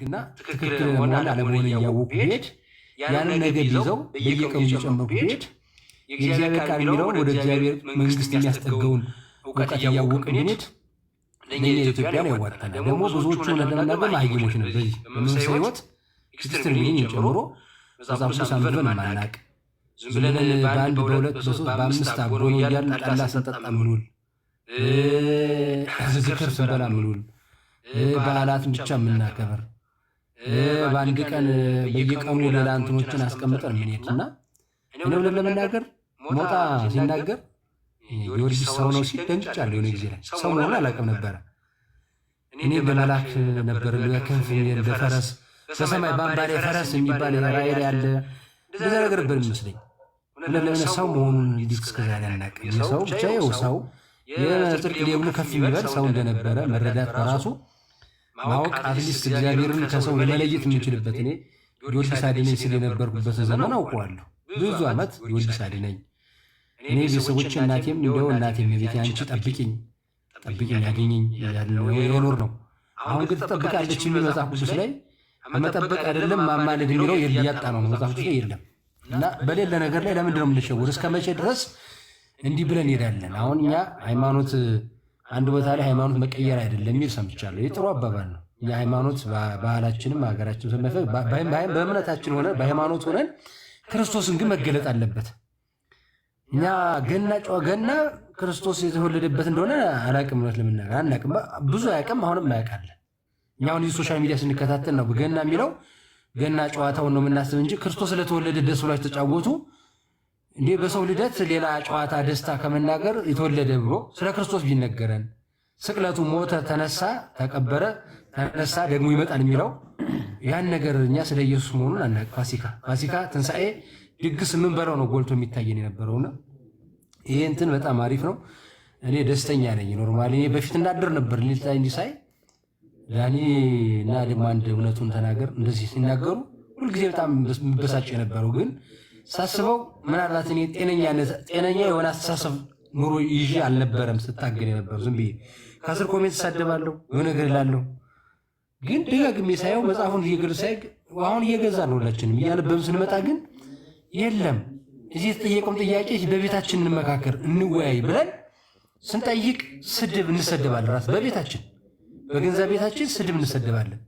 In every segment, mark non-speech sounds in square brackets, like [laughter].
ግና ትክክል ሆነ አለመሆን እያወቁ ብሄድ ያንን ነገር ይዘው በየቀኑ እየጨመሩ ብሄድ የእግዚአብሔር ቃል የሚለውን ወደ እግዚአብሔር መንግስት የሚያስጠገውን እውቀት እያወቅን ብሄድ ለእኛ ኢትዮጵያን ያዋጣናል። ደግሞ ብዙዎቹ ለመናገር መሀይሞች ነው። በዚህ በመንፈሳዊ ህይወት ኤክስትሪም ይህን ጨምሮ መጽሐፍ ቅዱስ አንብበን ማናቅ ዝም ብለን በአንድ በሁለት በሶስት በአምስት አብሮን እያልን ጠላ ስንጠጣ ምንውል፣ ዝክር ስንበላ ምንውል፣ በዓላትን ብቻ የምናከብር በአንድ ቀን በየቀኑ ሌላ እንትኖችን አስቀምጠን ምንሄድ እና እኔ ብለን ለመናገር ሞጣ ሲናገር ጊዮርጊስ ሰው ነው ሲል ደንግጫለሁ። የሆነ ጊዜ ላይ ሰው መሆን አላውቅም ነበረ። እኔ በመላክ ነበር በክንፍ በፈረስ በሰማይ በአምባሬ ፈረስ የሚባል ራይል ያለ እንደዛ ነገር ነበር የሚመስለኝ። ለምን ሰው መሆኑን ዲስክ እስከዛሬ አናውቅም። ሰው ብቻ ሰው የጽድቅ ደብሉ ከፍ የሚበል ሰው እንደነበረ መረዳት በራሱ ማወቅ አትሊስት እግዚአብሔርን ከሰው ለመለየት የምችልበት እኔ ጊዮርጊስ አድነኝ ስል የነበርኩበትን ዘመን አውቀዋለሁ። ብዙ ዓመት ጊዮርጊስ አድነኝ እኔ ቤተሰቦች እናቴም እንደው እናቴም የቤት አንቺ ጠብቂኝ ጠብቂኝ ያገኘኝ የኖር ነው። አሁን ግን ትጠብቃለች የሚል መጽሐፍ ቅዱስ ላይ መጠበቅ አይደለም ማማለድ የሚለው ያጣ ነው መጽሐፍ ቅዱስ ላይ የለም። እና በሌለ ነገር ላይ ለምንድነው ነው የምንሸወድ? እስከ መቼ ድረስ እንዲህ ብለን ሄዳለን? አሁን እኛ ሃይማኖት አንድ ቦታ ላይ ሃይማኖት መቀየር አይደለም የሚል ሰምቻለሁ። የጥሩ አባባል ነው። የሃይማኖት ባህላችንም ሀገራችን ስንፈግ በእምነታችን ሆነ በሃይማኖት ሆነን ክርስቶስን ግን መገለጥ አለበት። እኛ ገና ጨዋ ገና ክርስቶስ የተወለደበት እንደሆነ አላቅም፣ እውነት ለምናገር አናቅም። ብዙ አያቅም፣ አሁንም አያውቃለን። እኛ አሁን እዚህ ሶሻል ሚዲያ ስንከታተል ነው ገና የሚለው ገና ጨዋታውን ነው የምናስብ እንጂ ክርስቶስ ስለተወለደ ደስ ብላችሁ ተጫወቱ እንዴ በሰው ልደት ሌላ ጨዋታ ደስታ ከመናገር የተወለደ ብሎ ስለ ክርስቶስ ቢነገረን ስቅለቱ ሞተ፣ ተነሳ፣ ተቀበረ፣ ተነሳ ደግሞ ይመጣል የሚለው ያን ነገር እኛ ስለ ኢየሱስ መሆኑን አናውቅ። ፋሲካ ፋሲካ ትንሣኤ ድግስ የምንበላው ነው ጎልቶ የሚታየን የነበረውና ይሄ እንትን በጣም አሪፍ ነው። እኔ ደስተኛ ነኝ። ኖርማል እኔ በፊት እናደር ነበር ሌሊት እንዲሳይ ዳኒ እና ደግሞ አንድ እውነቱን ተናገር እንደዚህ ሲናገሩ ሁልጊዜ በጣም የምበሳጭ የነበረው ግን ሳስበው ምናልባት እኔ ጤነኛ የሆነ አስተሳሰብ ኑሮ ይዤ አልነበረም ስታገል የነበረው ዝም ብዬ ከስር ኮሜንት ሳደባለሁ የሆነ ነገር እላለሁ። ግን ደጋግሜ ሳየው መጽሐፉን እየገዱ ሳይ አሁን እየገዛ ነው ሁላችንም እያነበብን ስንመጣ ግን የለም እዚህ የተጠየቀውም ጥያቄ በቤታችን እንመካከር እንወያይ ብለን ስንጠይቅ ስድብ እንሰደባለን። ራስ በቤታችን በገንዛ ቤታችን ስድብ እንሰደባለን።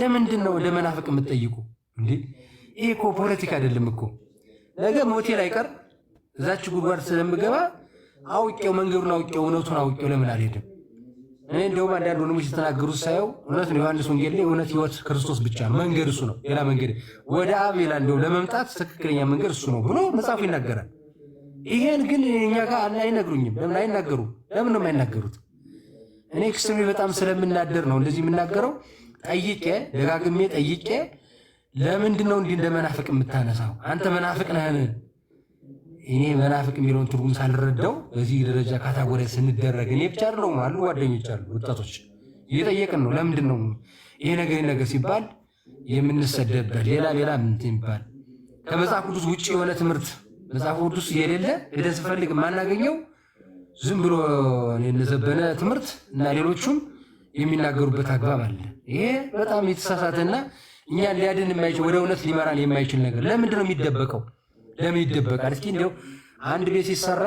ለምንድን ነው ለመናፍቅ የምትጠይቁ እንዴ? ይህ እኮ ፖለቲካ አይደለም እኮ ነገ ላይ ቀር እዛች ጉድጓድ ስለምገባ አውቄው መንገዱን አውቄው እውነቱን አውቄው ለምን አልሄድም? እኔ እንደውም አንዳንድ ወንድሞች የተናገሩት ሳየው እውነት ነው። ዮሐንስ ወንጌል ላይ እውነት ህይወት ክርስቶስ ብቻ ነው፣ መንገድ እሱ ነው፣ ሌላ መንገድ ወደ አብ ይላል። እንደው ለመምጣት ትክክለኛ መንገድ እሱ ነው ብሎ መጽሐፉ ይናገራል። ይሄን ግን እኛ ጋር አይነግሩኝም። ለምን አይናገሩም? ለምን ነው የማይናገሩት? እኔ ክስሜ በጣም ስለምናደር ነው እንደዚህ የምናገረው። ጠይቄ ደጋግሜ ጠይቄ ለምንድን ነው እንዲህ እንደ መናፍቅ የምታነሳው? አንተ መናፍቅ ነህን? እኔ መናፍቅ የሚለውን ትርጉም ሳልረዳው በዚህ ደረጃ ካታጎሪ ስንደረግ እኔ ብቻ አይደለሁም፣ አሉ ጓደኞች አሉ፣ ወጣቶች እየጠየቅን ነው። ለምንድን ነው ይሄ ነገር ነገር ሲባል የምንሰደበት ሌላ ሌላ ምንት ይባል? ከመጽሐፍ ቅዱስ ውጭ የሆነ ትምህርት መጽሐፍ ቅዱስ የሌለ እደ ስፈልግ የማናገኘው ዝም ብሎ የነዘበነ ትምህርት እና ሌሎቹም የሚናገሩበት አግባብ አለ። ይሄ በጣም የተሳሳተና እኛን ሊያድን የማይችል ወደ እውነት ሊመራን የማይችል ነገር ለምንድን ነው የሚደበቀው? ለምን ይደበቃል? እስኪ እንዲያው አንድ ቤት ሲሰራ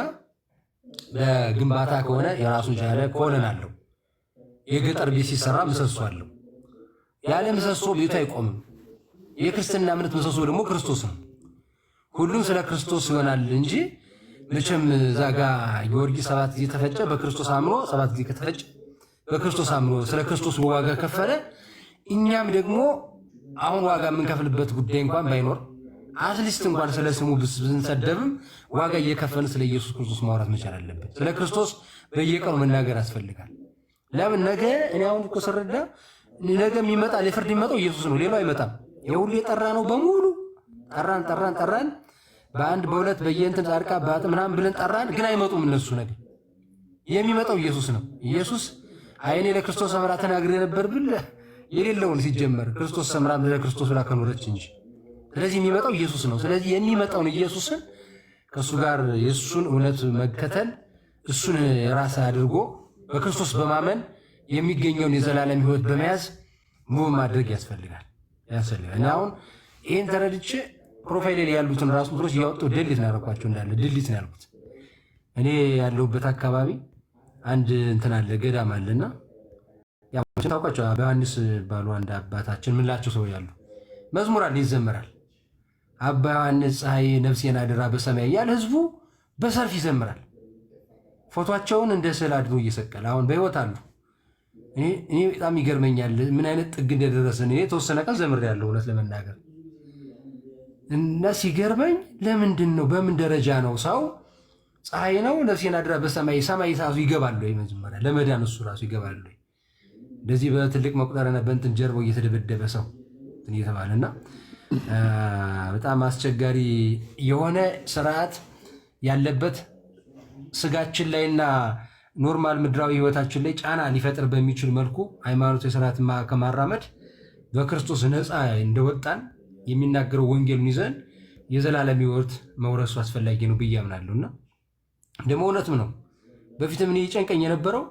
በግንባታ ከሆነ የራሱ ቻለ ኮለን አለው። የገጠር ቤት ሲሰራ ምሰሶ አለው። ያለ ምሰሶ ቤቱ አይቆምም። የክርስትና እምነት ምሰሶ ደግሞ ክርስቶስ ነው። ሁሉም ስለ ክርስቶስ ይሆናል እንጂ መቼም እዛ ጋ ጊዮርጊስ ሰባት ጊዜ ተፈጨ፣ በክርስቶስ አምኖ ሰባት ጊዜ ከተፈጨ በክርስቶስ አምኖ ስለ ክርስቶስ ዋጋ ከፈለ። እኛም ደግሞ አሁን ዋጋ የምንከፍልበት ጉዳይ እንኳን ባይኖር አትሊስት እንኳን ስለ ስሙ ብንሰደብም ዋጋ እየከፈልን ስለ ኢየሱስ ክርስቶስ ማውራት መቻል አለብን። ስለ ክርስቶስ በየቀኑ መናገር ያስፈልጋል። ለምን ነገ እኔ አሁን እኮ ስረዳ ነገ የሚመጣ ለፍርድ የሚመጣው ኢየሱስ ነው፣ ሌላው አይመጣም። የሁሉ የጠራ ነው በሙሉ ጠራን ጠራን ጠራን፣ በአንድ በሁለት በየእንትን ጻድቃ በአጥ ምናምን ብለን ጠራን፣ ግን አይመጡም እነሱ። ነገ የሚመጣው ኢየሱስ ነው። ኢየሱስ አይኔ ለክርስቶስ አምራ ተናግሬ ነበር ብለህ የሌለውን ሲጀመር ክርስቶስ ሰምራ ክርስቶስ ብላ ከኖረች እንጂ። ስለዚህ የሚመጣው ኢየሱስ ነው። ስለዚህ የሚመጣውን ኢየሱስን ከእሱ ጋር የእሱን እውነት መከተል እሱን ራስ አድርጎ በክርስቶስ በማመን የሚገኘውን የዘላለም ሕይወት በመያዝ ሙብ ማድረግ ያስፈልጋል ያስፈልጋል። እና አሁን ይህን ተረድቼ ፕሮፋይል ላይ ያሉትን ራሱ እንትኖች እያወጡ ድልት ናረኳቸው እንዳለ ድልት ነው ያልኩት። እኔ ያለሁበት አካባቢ አንድ እንትን አለ ገዳም አለና ያችን ታውቋቸው በዮሐንስ ባሉ አንድ አባታችን ምንላቸው ሰው ያሉ መዝሙር አለ ይዘምራል። አባ ዮሐንስ ፀሐይ ነፍሴን አደራ በሰማይ እያለ ህዝቡ በሰልፍ ይዘምራል። ፎቶቸውን እንደ ስዕል አድኖ እየሰቀለ አሁን በህይወት አሉ። እኔ በጣም ይገርመኛል ምን አይነት ጥግ እንደደረስን። እኔ የተወሰነ ቀን ዘምር ያለው እውነት ለመናገር እና ሲገርመኝ ለምንድን ነው በምን ደረጃ ነው ሰው ፀሐይ ነው ነፍሴን አደራ በሰማይ ሰማይ ሳሱ ይገባሉ መጀመሪያ ለመዳን እሱ ራሱ ይገባሉ እንደዚህ በትልቅ መቁጠሪያና በእንትን ጀርባው እየተደበደበ ሰው እየተባለ እና በጣም አስቸጋሪ የሆነ ስርዓት ያለበት ስጋችን ላይና ኖርማል ምድራዊ ህይወታችን ላይ ጫና ሊፈጥር በሚችል መልኩ ሃይማኖት የስርዓት ከማራመድ በክርስቶስ ነፃ እንደወጣን የሚናገረው ወንጌሉን ይዘን የዘላለም ህይወት መውረሱ አስፈላጊ ነው ብዬ አምናለሁ። እና ደግሞ እውነትም ነው። በፊትም እኔ ጨንቀኝ የነበረው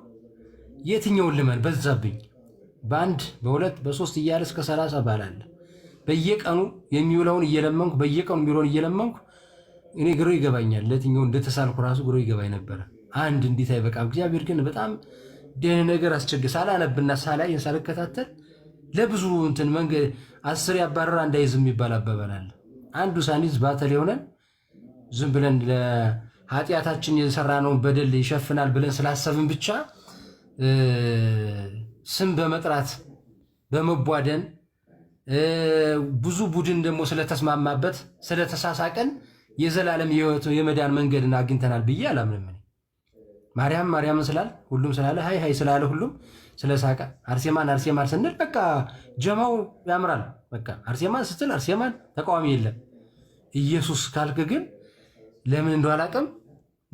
የትኛውን ልመን በዛብኝ በአንድ በሁለት በሶስት እያለ እስከ ሰላሳ ባላለ በየቀኑ የሚውለውን እየለመንኩ በየቀኑ የሚውለውን እየለመንኩ እኔ ግሮ ይገባኛል። ለትኛው እንደተሳልኩ ራሱ ግሮ ይገባኝ ነበረ። አንድ እንዴት አይበቃም? እግዚአብሔር ግን በጣም ደህን ነገር አስቸግ ሳላነብና ሳላይን ሳልከታተል ለብዙ እንትን መንገድ አስር ያባረራ እንዳይዝ የሚባል አባባል አለ። አንዱ ሳኒዝ ባተል የሆነን ዝም ብለን ለኃጢአታችን የሰራነውን በደል ይሸፍናል ብለን ስላሰብን ብቻ ስም በመጥራት በመቧደን ብዙ ቡድን ደግሞ ስለተስማማበት ስለተሳሳቀን የዘላለም የሕይወት የመዳን መንገድን አግኝተናል ብዬ አላምንም። ማርያም ማርያምን ስላል ሁሉም ስላለ ሀይ ሀይ ስላለ ሁሉም ስለሳቀ አርሴማን አርሴማን ስንል በቃ ጀማው ያምራል። በቃ አርሴማን ስትል አርሴማን ተቃዋሚ የለም። ኢየሱስ ካልክ ግን ለምን እንደው አላቅም።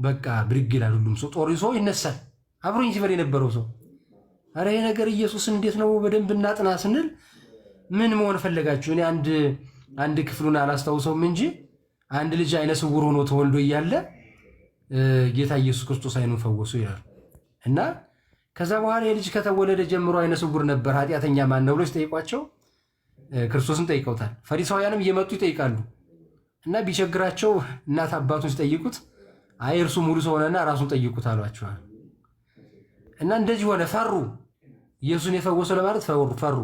በቃ ብድግ ይላል ሁሉም ሰው ጦር ይዞ ይነሳል። አብሮኝ ሲበር የነበረው ሰው አረ ነገር ኢየሱስ እንዴት ነው በደንብ እናጥና ስንል ምን መሆን ፈለጋችሁ? እኔ አንድ አንድ ክፍሉን አላስታውሰውም እንጂ አንድ ልጅ አይነ ስውር ሆኖ ተወልዶ እያለ ጌታ ኢየሱስ ክርስቶስ አይኑን ፈወሱ ይላል እና ከዛ በኋላ የልጅ ከተወለደ ጀምሮ አይነ ስውር ነበር፣ ኃጢአተኛ ማን ነው ብሎ ሲጠይቋቸው ክርስቶስን ጠይቀውታል። ፈሪሳውያንም እየመጡ ይጠይቃሉ እና ቢቸግራቸው እናት አባቱን ሲጠይቁት አይ እርሱ ሙሉ ሰው ሆነና ራሱን ጠይቁት አሏቸዋል። እና እንደዚህ ሆነ፣ ፈሩ። ኢየሱስን የፈወሰው ለማለት ፈሩ ፈሩ።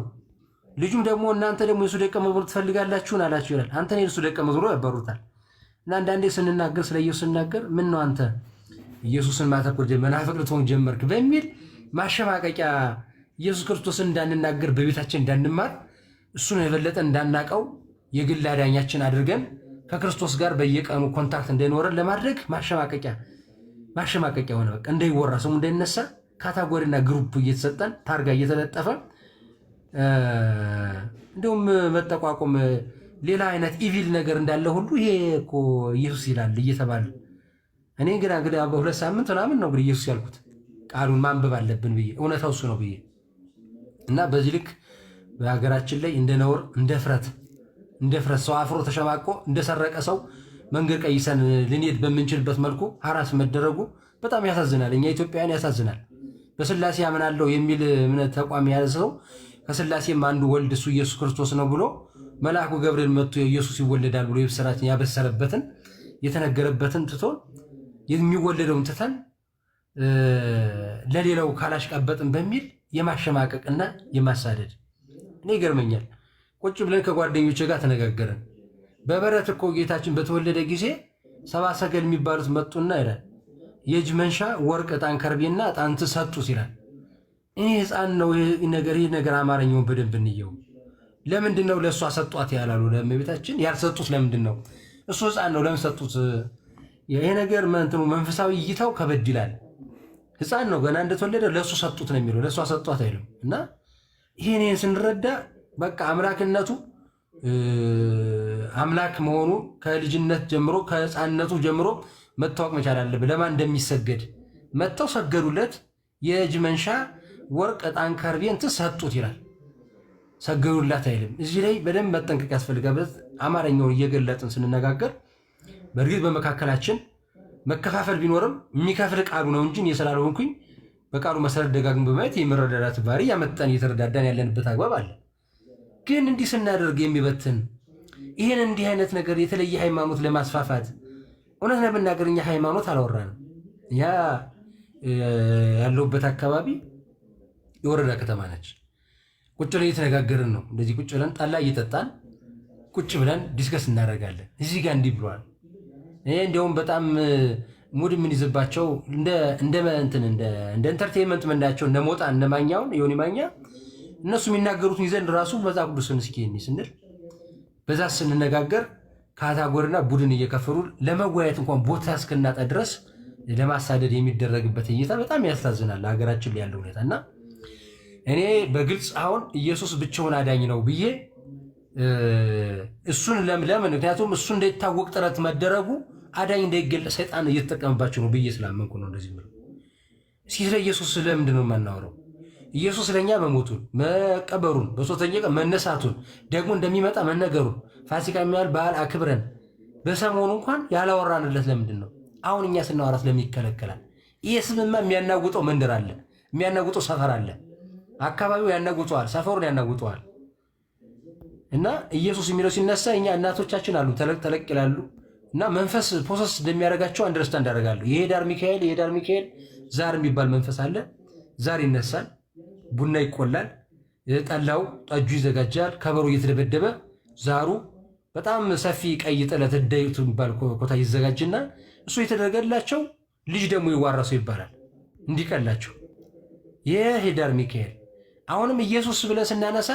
ልጁም ደግሞ እናንተ ደግሞ የእሱ ደቀ መዝሙር ትፈልጋላችሁን አላችሁ ይላል። አንተ ነው የእሱ ደቀ መዝሙር ያበሩታል። እና አንዳንዴ ስንናገር ስለ ኢየሱስ ስንናገር ምን ነው አንተ ኢየሱስን ማተኮር መናፍቅ ልትሆን ጀመርክ በሚል ማሸማቀቂያ ኢየሱስ ክርስቶስን እንዳንናገር በቤታችን እንዳንማር እሱን የበለጠ እንዳናቀው የግል አዳኛችን አድርገን ከክርስቶስ ጋር በየቀኑ ኮንታክት እንዳይኖረን ለማድረግ ማሸማቀቂያ ማሸማቀቂያ ሆነ። በቃ እንዳይወራ ስሙ እንዳይነሳ ካታጎሪና ግሩፕ እየተሰጠን ታርጋ እየተለጠፈ እንዲሁም መጠቋቆም ሌላ አይነት ኢቪል ነገር እንዳለ ሁሉ ይሄ እኮ ኢየሱስ ይላል እየተባለ እኔ ግን እንግዲህ በሁለት ሳምንት ምናምን ነው እንግዲህ ኢየሱስ ያልኩት ቃሉን ማንበብ አለብን ብዬ እውነታው እሱ ነው ብዬ እና በዚህ ልክ በሀገራችን ላይ እንደ ነውር እንደ ፍረት እንደ ፍረት ሰው አፍሮ ተሸማቆ እንደሰረቀ ሰው መንገድ ቀይሰን ልንሄድ በምንችልበት መልኩ ሀራስ መደረጉ በጣም ያሳዝናል። እኛ ኢትዮጵያውያን ያሳዝናል። በስላሴ ያምናለሁ የሚል እምነት ተቋም የያዘ ሰው ከስላሴም አንዱ ወልድ እሱ ኢየሱስ ክርስቶስ ነው ብሎ መልአኩ ገብርኤል መጥቶ ኢየሱስ ይወለዳል ብሎ የብስራችን ያበሰረበትን የተነገረበትን ትቶ የሚወለደውን ትተን ለሌላው ካላሽቀበጥን በሚል የማሸማቀቅና የማሳደድ እኔ ይገርመኛል። ቁጭ ብለን ከጓደኞች ጋር ተነጋገረን በበረት እኮ ጌታችን በተወለደ ጊዜ ሰባ ሰገል የሚባሉት መጡና ይላል የእጅ መንሻ ወርቅ እጣን ከርቤና ዕጣን ትሰጡ ይላል። እኔ ህፃን ነው ነገር ይህ ነገር አማርኛውን በደንብ እንየው። ለምንድን ነው ለእሷ ሰጧት ያላሉ ለእመቤታችን ያልሰጡት ለምንድን ነው? እሱ ህፃን ነው ለምን ሰጡት? ይሄ ነገር እንትኑ መንፈሳዊ እይታው ከበድ ይላል። ህፃን ነው ገና እንደተወለደ ለእሱ ሰጡት ነው የሚለው ለእሷ ሰጧት አይልም። እና ይሄን ይህን ስንረዳ በቃ አምላክነቱ አምላክ መሆኑ ከልጅነት ጀምሮ ከህፃንነቱ ጀምሮ መታወቅ መቻል አለብ ለማን እንደሚሰገድ መጥተው ሰገዱለት። የእጅ መንሻ ወርቅ፣ ዕጣን፣ ከርቤ እንትን ሰጡት ይላል። ሰገዱላት አይልም። እዚህ ላይ በደንብ መጠንቀቅ ያስፈልጋል። አማርኛውን እየገለጥን ስንነጋገር በእርግጥ በመካከላችን መከፋፈል ቢኖርም የሚከፍል ቃሉ ነው እንጂ እኔ ስላልሆንኩኝ በቃሉ መሰረት ደጋግም በማየት የመረዳዳት ባህሪ ያመጣን እየተረዳዳን ያለንበት አግባብ አለ። ግን እንዲህ ስናደርግ የሚበትን ይህን እንዲህ አይነት ነገር የተለየ ሃይማኖት ለማስፋፋት እውነት ለመናገር እኛ ሃይማኖት አላወራንም። ያ ያለሁበት አካባቢ የወረዳ ከተማ ነች። ቁጭ ብለን እየተነጋገርን ነው። እንደዚህ ቁጭ ብለን ጠላ እየጠጣን ቁጭ ብለን ዲስከስ እናደርጋለን። እዚህ ጋር እንዲህ ብሏል። ይሄ እንዲያውም በጣም ሙድ የምንይዝባቸው እንደ ኢንተርቴንመንት መንዳቸው እንደ ሞጣ እነ ማኛውን የሆነ ማኛ እነሱ የሚናገሩትን ይዘን ራሱ መጽሐፍ ቅዱስን እስኪ ስንል በዛ ስንነጋገር ካታጎሪና ቡድን እየከፈሉ ለመወያየት እንኳን ቦታ እስክናጠ ድረስ ለማሳደድ የሚደረግበት እይታ በጣም ያሳዝናል። ለሀገራችን ላይ ያለው ሁኔታ እና እኔ በግልጽ አሁን ኢየሱስ ብቻውን አዳኝ ነው ብዬ እሱን ለምለምን ምክንያቱም እሱ እንዳይታወቅ ጥረት መደረጉ አዳኝ እንዳይገለጽ ሰይጣን እየተጠቀምባቸው ነው ብዬ ስላመንኩ ነው እንደዚህ ምለው። እስኪ ስለ ኢየሱስ ስለምንድን ነው የማናወረው? ኢየሱስ ለእኛ መሞቱን፣ መቀበሩን፣ በሶስተኛ ቀን መነሳቱን ደግሞ እንደሚመጣ መነገሩን ፋሲካ የሚባል በዓል አክብረን በሰሞኑ እንኳን ያላወራንለት ለምንድን ነው? አሁን እኛ ስናወራ ለምን ይከለከላል? ይህ ስምማ የሚያናውጠው መንደር አለ፣ የሚያናውጠው ሰፈር አለ። አካባቢው ያናውጠዋል፣ ሰፈሩን ያናውጠዋል። እና ኢየሱስ የሚለው ሲነሳ እኛ እናቶቻችን አሉ ተለቅ ተለቅ ይላሉ እና መንፈስ ፕሮሰስ እንደሚያደርጋቸው አንደርስታንድ ያደርጋሉ። ዳር ሚካኤል ዳር ሚካኤል ዛር የሚባል መንፈስ አለ። ዛር ይነሳል፣ ቡና ይቆላል፣ ጠላው ጠጁ ይዘጋጃል፣ ከበሮ እየተደበደበ ዛሩ በጣም ሰፊ ቀይ ጥለት እደዩቱ የሚባል ኮታ ይዘጋጅና እሱ የተደረገላቸው ልጅ ደግሞ ይዋረሱ ይባላል። እንዲቀላቸው ይህ ሄዳር ሚካኤል አሁንም ኢየሱስ ብለን ስናነሳ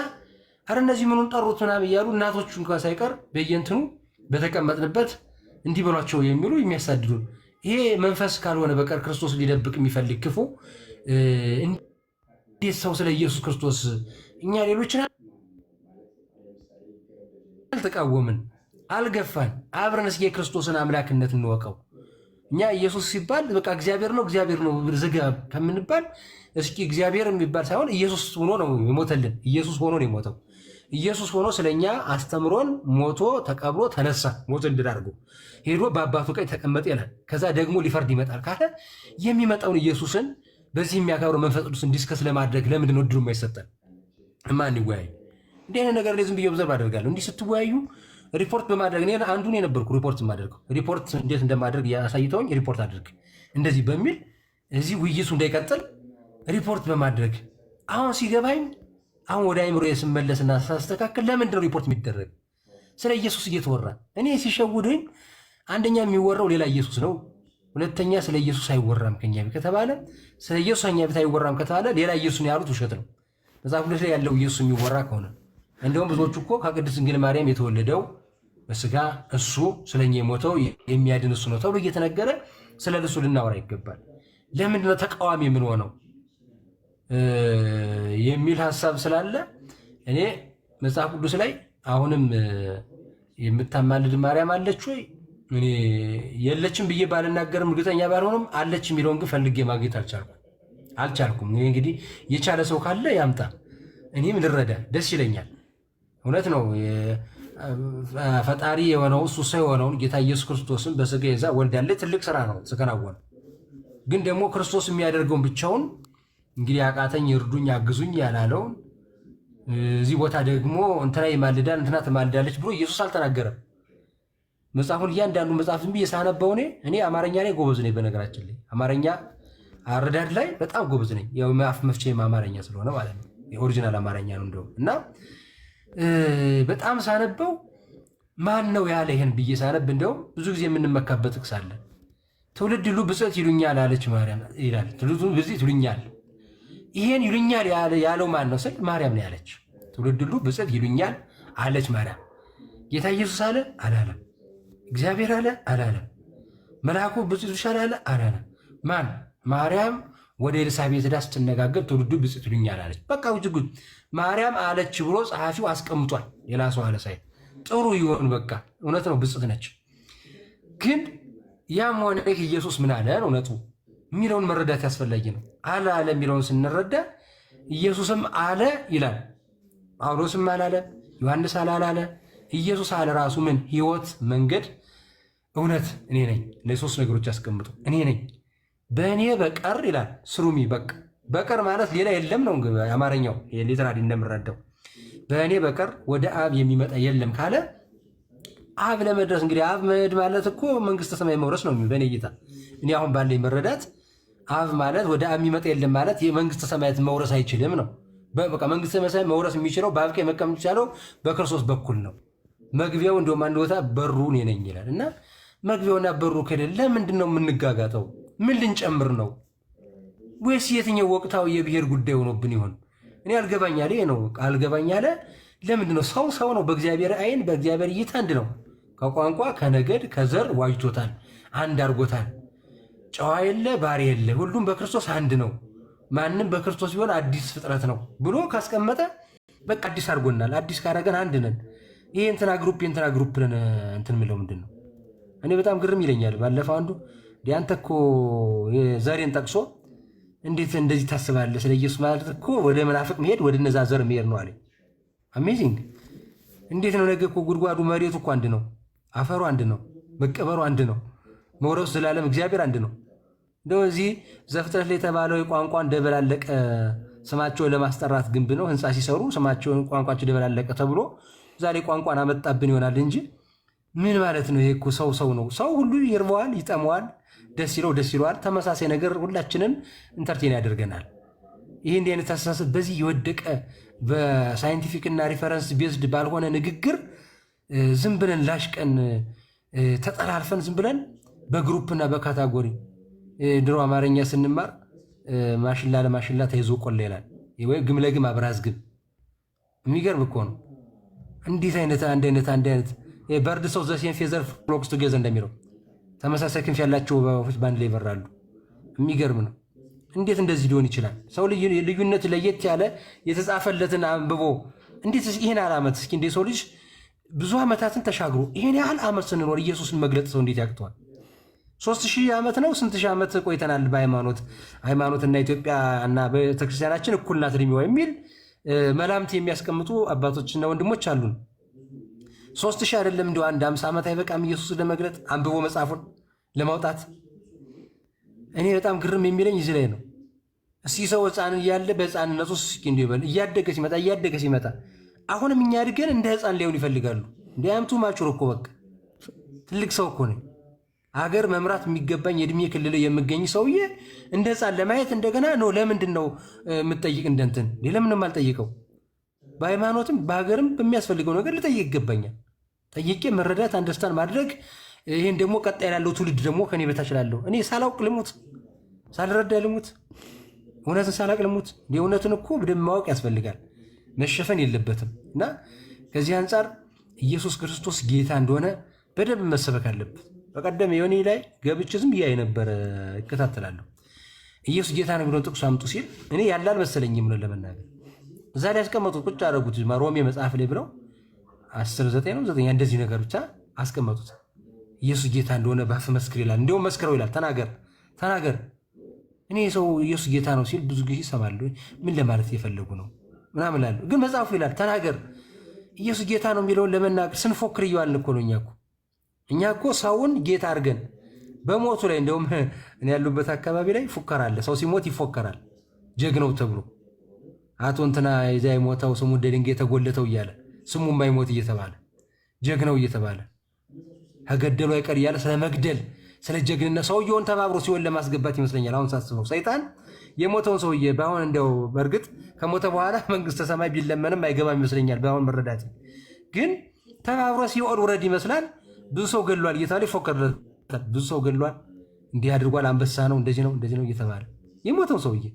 አረ እነዚህ ምኑን ጠሩት ምናምን እያሉ እናቶቹ እንኳ ሳይቀር በየእንትኑ በተቀመጥንበት እንዲበሏቸው የሚሉ የሚያሳድዱ ይሄ መንፈስ ካልሆነ በቀር ክርስቶስ ሊደብቅ የሚፈልግ ክፉ እንዴት ሰው ስለ ኢየሱስ ክርስቶስ እኛ ሌሎችን አልተቃወምን፣ አልገፋን። አብረን እስኪ የክርስቶስን አምላክነት እንወቀው። እኛ ኢየሱስ ሲባል በቃ እግዚአብሔር ነው እግዚአብሔር ነው ዝጋ ከምንባል እስኪ እግዚአብሔር የሚባል ሳይሆን ኢየሱስ ሆኖ ነው የሞተልን። ኢየሱስ ሆኖ ነው የሞተው። ኢየሱስ ሆኖ ስለኛ አስተምሮን ሞቶ ተቀብሮ ተነሳ። ሞቶ እንድል አድርጎ ሄዶ በአባቱ ቀኝ ተቀመጠ ይላል። ከዛ ደግሞ ሊፈርድ ይመጣል ካለ የሚመጣውን ኢየሱስን በዚህ የሚያከብረው መንፈስ ቅዱስ ዲስከስ ለማድረግ ለምንድን ነው የማይሰጠን? ማን ይወያይ? እንዲህ አይነት ነገር ላይ ዝም ብዬ ኦብዘርቭ አደርጋለሁ። እንዲህ ስትወያዩ ሪፖርት በማድረግ እኔ አንዱን የነበርኩ ሪፖርት የማደርገው ሪፖርት እንዴት እንደማደርግ ያሳይተውኝ ሪፖርት አድርግ እንደዚህ በሚል እዚህ ውይይቱ እንዳይቀጥል ሪፖርት በማድረግ አሁን ሲገባኝ አሁን ወደ አይምሮ ስመለስና ሳስተካከል ለምንድን ነው ሪፖርት የሚደረግ? ስለ ኢየሱስ እየተወራ እኔ ሲሸውደኝ፣ አንደኛ የሚወራው ሌላ ኢየሱስ ነው። ሁለተኛ ስለ ኢየሱስ አይወራም ከኛ ቤት ከተባለ ስለ ኢየሱስ እኛ ቤት አይወራም ከተባለ ሌላ ኢየሱስ ነው ያሉት ውሸት ነው። መጽሐፍ ላይ ያለው ኢየሱስ የሚወራ ከሆነ እንደውም ብዙዎቹ እኮ ከቅድስት ድንግል ማርያም የተወለደው በስጋ እሱ ስለኛ የሞተው የሚያድን እሱ ነው ተብሎ እየተነገረ ስለ ልሱ ልናወራ ይገባል። ለምንድነው ተቃዋሚ የምንሆነው የሚል ሀሳብ ስላለ እኔ መጽሐፍ ቅዱስ ላይ አሁንም የምታማልድ ማርያም አለች ወይ እኔ የለችም ብዬ ባልናገርም እርግጠኛ ባልሆንም አለች የሚለውን ግን ፈልጌ ማግኘት አልቻልኩም አልቻልኩም። እንግዲህ የቻለ ሰው ካለ ያምጣ፣ እኔም ልረዳ ደስ ይለኛል። እውነት ነው። ፈጣሪ የሆነው እሱ ሰው የሆነውን ጌታ ኢየሱስ ክርስቶስን በስጋ ይዛ ወልዳለች። ትልቅ ስራ ነው ተከናወነ። ግን ደግሞ ክርስቶስ የሚያደርገውን ብቻውን እንግዲህ አቃተኝ፣ እርዱኝ፣ አግዙኝ ያላለውን እዚህ ቦታ ደግሞ እንትና ይማልዳል እንትና ትማልዳለች ብሎ ኢየሱስ አልተናገረም። መጽሐፉን እያንዳንዱ መጽሐፍ ዝም ብዬ ሳነበው እኔ እኔ አማርኛ ላይ ጎበዝ ነኝ። በነገራችን ላይ አማርኛ አረዳድ ላይ በጣም ጎበዝ ነኝ። ያው አፍ መፍቼም አማርኛ ስለሆነ ማለት ነው። የኦሪጂናል አማርኛ ነው እንደውም እና በጣም ሳነበው ማን ነው ያለ ይሄን ብዬ ሳነብ እንደውም ብዙ ጊዜ የምንመካበት ጥቅስ አለ። ትውልድ ሁሉ ብፅዕት ይሉኛል አለች ማርያም ይላል። ትውልድ ሁሉ ብፅዕት ይሉኛል። ይሄን ይሉኛል ያለው ማን ነው ስል ማርያም ነው ያለች። ትውልድ ሁሉ ብፅዕት ይሉኛል አለች ማርያም። ጌታ ኢየሱስ አለ አላለም። እግዚአብሔር አለ አላለም። መልአኩ ብፅዕት ይሉሻል አለ አላለም። ማን ማርያም ወደ ኤልሳቤት ሄዳ ስትነጋገር ትውልዱ ብፅዕት ይሉኛል አለች። በቃ ውጭ ጉድ ማርያም አለች ብሎ ጸሐፊው አስቀምጧል። ሌላ ሰው አለ ሳይል ጥሩ ይሆን በቃ እውነት ነው፣ ብጽት ነች። ግን ያም ሆነ ይህ ኢየሱስ ምን አለ እውነቱ የሚለውን መረዳት ያስፈላጊ ነው። አለ አለ የሚለውን ስንረዳ ኢየሱስም አለ ይላል። ጳውሎስም አላለ፣ ዮሐንስ አላላለ፣ ኢየሱስ አለ። ራሱ ምን ህይወት መንገድ፣ እውነት እኔ ነኝ። ለሶስት ነገሮች ያስቀምጡ እኔ ነኝ፣ በእኔ በቀር ይላል ስሩሚ በቃ በቀር ማለት ሌላ የለም ነው አማርኛው ሊትራሊ እንደምረዳው በእኔ በቀር ወደ አብ የሚመጣ የለም ካለ አብ ለመድረስ እንግዲህ አብ መሄድ ማለት እኮ መንግስተ ሰማይ መውረስ ነው። በእኔ እይታ እኔ አሁን ባለኝ መረዳት አብ ማለት ወደ አብ የሚመጣ የለም ማለት የመንግስተ ሰማያት መውረስ አይችልም ነው። በቃ መንግስተ ሰማይ መውረስ የሚችለው በአብ ቀኝ መቀመጥ ይቻለው በክርስቶስ በኩል ነው። መግቢያው እንደውም አንድ ቦታ በሩ እኔ ነኝ ይላል እና መግቢያውና በሩ ከሌለ ለምንድን ነው የምንጋጋጠው? ምን ልንጨምር ነው? ወይስ የትኛው ወቅታዊ የብሔር ጉዳይ ሆኖብን ይሆን? እኔ አልገባኝ አለ ነው አልገባኝ አለ። ለምንድን ነው ሰው ሰው ነው፣ በእግዚአብሔር አይን በእግዚአብሔር እይታ አንድ ነው። ከቋንቋ ከነገድ ከዘር ዋጅቶታል፣ አንድ አድርጎታል። ጨዋ የለ ባሪ የለ፣ ሁሉም በክርስቶስ አንድ ነው። ማንም በክርስቶስ ቢሆን አዲስ ፍጥረት ነው ብሎ ካስቀመጠ በቃ አዲስ አድርጎናል። አዲስ ካረገን አንድ ነን። ይሄ እንትና ግሩፕ የእንትና ግሩፕ ነን እንትን ምለው ምንድን ነው? እኔ በጣም ግርም ይለኛል። ባለፈው አንዱ ያንተ እኮ ዘሬን ጠቅሶ እንዴት እንደዚህ ታስባለ ስለ ኢየሱስ ማለት እኮ ወደ መናፍቅ መሄድ ወደ እነዛ ዘር መሄድ ነው አለኝ። አሜዚንግ! እንዴት ነው ነገ እኮ ጉድጓዱ መሬቱ እኮ አንድ ነው፣ አፈሩ አንድ ነው፣ መቀበሩ አንድ ነው፣ መውረሱ ዘላለም እግዚአብሔር አንድ ነው። እንደው እዚህ ዘፍጥረት ላይ የተባለው የቋንቋ እንደበላለቀ ስማቸውን ለማስጠራት ግንብ ነው ህንፃ ሲሰሩ ስማቸውን ቋንቋቸው እንደበላለቀ ተብሎ ዛሬ ቋንቋን አመጣብን ይሆናል እንጂ ምን ማለት ነው? ይሄ እኮ ሰው ሰው ነው። ሰው ሁሉ ይርበዋል፣ ይጠመዋል ደስ ይለው ደስ ይለዋል። ተመሳሳይ ነገር ሁላችንን ኢንተርቴን ያደርገናል። ይህ እንዲህ አይነት አስተሳሰብ በዚህ የወደቀ በሳይንቲፊክና ሪፈረንስ ቤዝድ ባልሆነ ንግግር ዝም ብለን ላሽቀን ተጠላልፈን ዝም ብለን በግሩፕና በካታጎሪ ድሮ አማርኛ ስንማር ማሽላ ለማሽላ ተይዞ ቆላ ይላል፣ ወይ ግም ለግም አብራዝ ግብ። የሚገርም እኮ ነው። እንዴት አይነት አንድ አይነት አንድ አይነት በርድ ሰው ዘሴን ፌዘር ፍሎክስ ቱጌዘ እንደሚለው ተመሳሳይ ክንፍ ያላቸው እባቦች በአንድ ላይ ይበራሉ። የሚገርም ነው። እንዴት እንደዚህ ሊሆን ይችላል? ሰው ልዩነት ለየት ያለ የተጻፈለትን አንብቦ እንዴት ይህን ያህል ዓመት እስኪ እንደ ሰው ልጅ ብዙ ዓመታትን ተሻግሮ ይህን ያህል ዓመት ስንኖር ኢየሱስን መግለጽ ሰው እንዴት ያቅተዋል? ሶስት ሺህ ዓመት ነው ስንት ሺህ ዓመት ቆይተናል በሃይማኖት ሃይማኖትና ኢትዮጵያ እና ቤተክርስቲያናችን እኩል ናት የሚል መላምት የሚያስቀምጡ አባቶችና ወንድሞች አሉን። ሶስት ሺህ አይደለም እንዲሁ አንድ አምሳ ዓመት አይበቃም ኢየሱስ ለመግለጥ አንብቦ መጽሐፉን ለማውጣት። እኔ በጣም ግርም የሚለኝ እዚህ ላይ ነው። እስኪ ሰው ህፃን እያለ በሕፃንነቱ እስኪ እንዲ ይበል እያደገ ሲመጣ እያደገ ሲመጣ አሁንም እኛ አድገን እንደ ህፃን ሊሆን ይፈልጋሉ። እንደ አምቱ ማቹር እኮ በቃ ትልቅ ሰው እኮ ነኝ። አገር መምራት የሚገባኝ የእድሜ ክልል የምገኝ ሰውዬ እንደ ህፃን ለማየት እንደገና ነው። ለምንድን ነው የምጠይቅ? እንደንትን ለምንም አልጠይቀው። በሃይማኖትም በሀገርም በሚያስፈልገው ነገር ልጠይቅ ይገባኛል። ጠይቄ መረዳት አንደርስታንድ ማድረግ ይህን ደግሞ ቀጣይ ላለው ትውልድ ደግሞ ከኔ በታች ላለሁ እኔ ሳላውቅ ልሙት፣ ሳልረዳ ልሙት፣ እውነትን ሳላቅ ልሙት። የእውነትን እኮ በደንብ ማወቅ ያስፈልጋል፣ መሸፈን የለበትም። እና ከዚህ አንጻር ኢየሱስ ክርስቶስ ጌታ እንደሆነ በደንብ መሰበክ አለበት። በቀደም የሆነ ላይ ገብቼ ዝም ብዬ ነበረ፣ እከታተላለሁ። ኢየሱስ ጌታ ነው ብሎን ጥቅሱ አምጡ ሲል እኔ ያለ አልመሰለኝም ነው ለመናገር እዛ ላይ ያስቀመጡት ቁጭ አደረጉት ሮሜ መጽሐፍ ላይ ብለው አስር ዘጠኝ ነው ዘጠኝ እንደዚህ ነገር ብቻ አስቀመጡት። ኢየሱስ ጌታ እንደሆነ ባፍ መስክር ይላል። እንዲሁም መስክረው ይላል። ተናገር ተናገር። እኔ ሰው ኢየሱስ ጌታ ነው ሲል ብዙ ጊዜ ይሰማሉ። ምን ለማለት እየፈለጉ ነው ምናምን ላሉ፣ ግን መጽሐፉ ይላል ተናገር። ኢየሱስ ጌታ ነው የሚለውን ለመናገር ስንፎክር እየዋልን እኮ ነው። እኛ እኮ እኛ እኮ ሰውን ጌታ አድርገን በሞቱ ላይ እንደውም እኔ ያሉበት አካባቢ ላይ ፉከራ አለ። ሰው ሲሞት ይፎከራል ጀግነው ተብሎ አቶ እንትና ሞተው የሞተው ስሙ እንደ ድንጋይ የተጎለተው እያለ ስሙ የማይሞት እየተባለ ጀግነው እየተባለ ከገደሉ አይቀር እያለ ስለ መግደል ስለ ጀግንነት ሰውየውን ተባብሮ ሲሆን ለማስገባት ይመስለኛል። አሁን ሳስበው ሰይጣን የሞተውን ሰውዬ በአሁን እንደው በእርግጥ ከሞተ በኋላ [laughs] መንግስተ ሰማይ ቢለመንም አይገባም ይመስለኛል። በአሁን መረዳት ግን ተባብሮ ሲኦል ውረድ ይመስላል። ብዙ ሰው ገድሏል እየተባለ ይፎከርለታል። ብዙ ሰው ገድሏል፣ እንዲህ አድርጓል፣ አንበሳ ነው፣ እንደዚህ ነው፣ እንደዚህ ነው እየተባለ የሞተውን ሰውዬ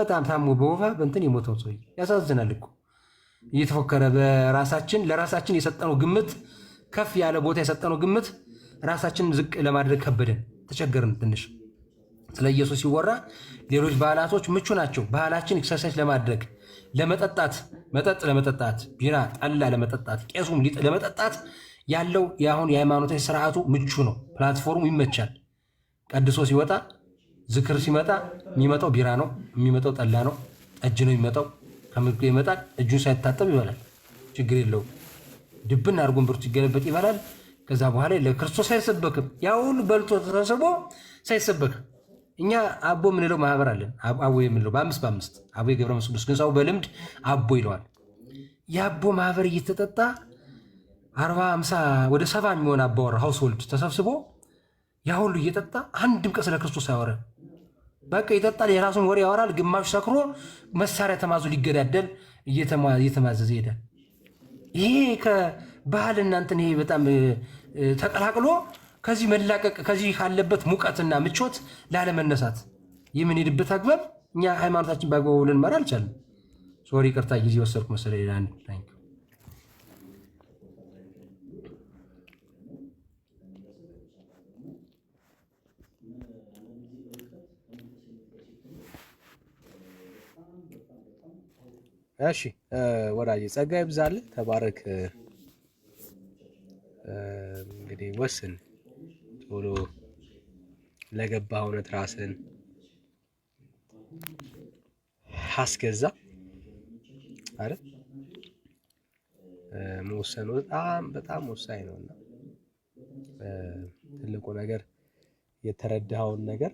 በጣም ታሞ በወባ በእንትን የሞተውን ሰውዬ ያሳዝናል እኮ እየተፎከረ በራሳችን ለራሳችን የሰጠነው ግምት ከፍ ያለ ቦታ የሰጠነው ግምት ራሳችንን ዝቅ ለማድረግ ከበደን፣ ተቸገርን። ትንሽ ስለ ኢየሱስ ሲወራ ሌሎች ባህላቶች ምቹ ናቸው። ባህላችን ኤክሰርሳይዝ ለማድረግ ለመጠጣት፣ መጠጥ ለመጠጣት፣ ቢራ ጠላ ለመጠጣት፣ ቄሱም ሊጥ ለመጠጣት ያለው የአሁን የሃይማኖታዊ ስርዓቱ ምቹ ነው። ፕላትፎርሙ ይመቻል። ቀድሶ ሲወጣ ዝክር ሲመጣ የሚመጣው ቢራ ነው፣ የሚመጣው ጠላ ነው፣ ጠጅ ነው የሚመጣው ከምግብ ይመጣል። እጁን ሳይታጠብ ይበላል፣ ችግር የለውም። ድብን አድርጎን ብርቱ ይገለበጥ ይበላል። ከዛ በኋላ ለክርስቶስ አይሰበክም። ያ ሁሉ በልቶ ተሰብስቦ ሳይሰበክም እኛ አቦ የምንለው ማህበር አለን። አቦ የምንለው በአምስት በአምስት አቦ የገብረ መንፈስ ቅዱስ ግን ሰው በልምድ አቦ ይለዋል። የአቦ ማህበር እየተጠጣ አርባ ሃምሳ ወደ ሰባ የሚሆን አባወራ ሀውስሆልድ ተሰብስቦ ያ ሁሉ እየጠጣ አንድም ቀን ስለ ክርስቶስ አያወራም። በቃ ይጠጣል፣ የራሱን ወሬ ያወራል። ግማሽ ሰክሮ መሳሪያ ተማዞ ሊገዳደል እየተማዘዘ ይሄዳል። ይሄ ከባህል እናንትን ይሄ በጣም ተቀላቅሎ ከዚህ መላቀቅ ከዚህ ካለበት ሙቀትና ምቾት ላለመነሳት የምንሄድበት አግባብ እኛ ሃይማኖታችን በአግባቡ ልንመራ አልቻለም። ሶሪ፣ ቅርታ ጊዜ ወሰድኩ መሰለኝ። እሺ ወዳጅ ጸጋ ይብዛልህ፣ ተባረክ። እንግዲህ ወስን ቶሎ ለገባ እውነት ራስን አስገዛ አረ መወሰኑ በጣም በጣም ወሳኝ ነውና ትልቁ ነገር የተረዳኸውን ነገር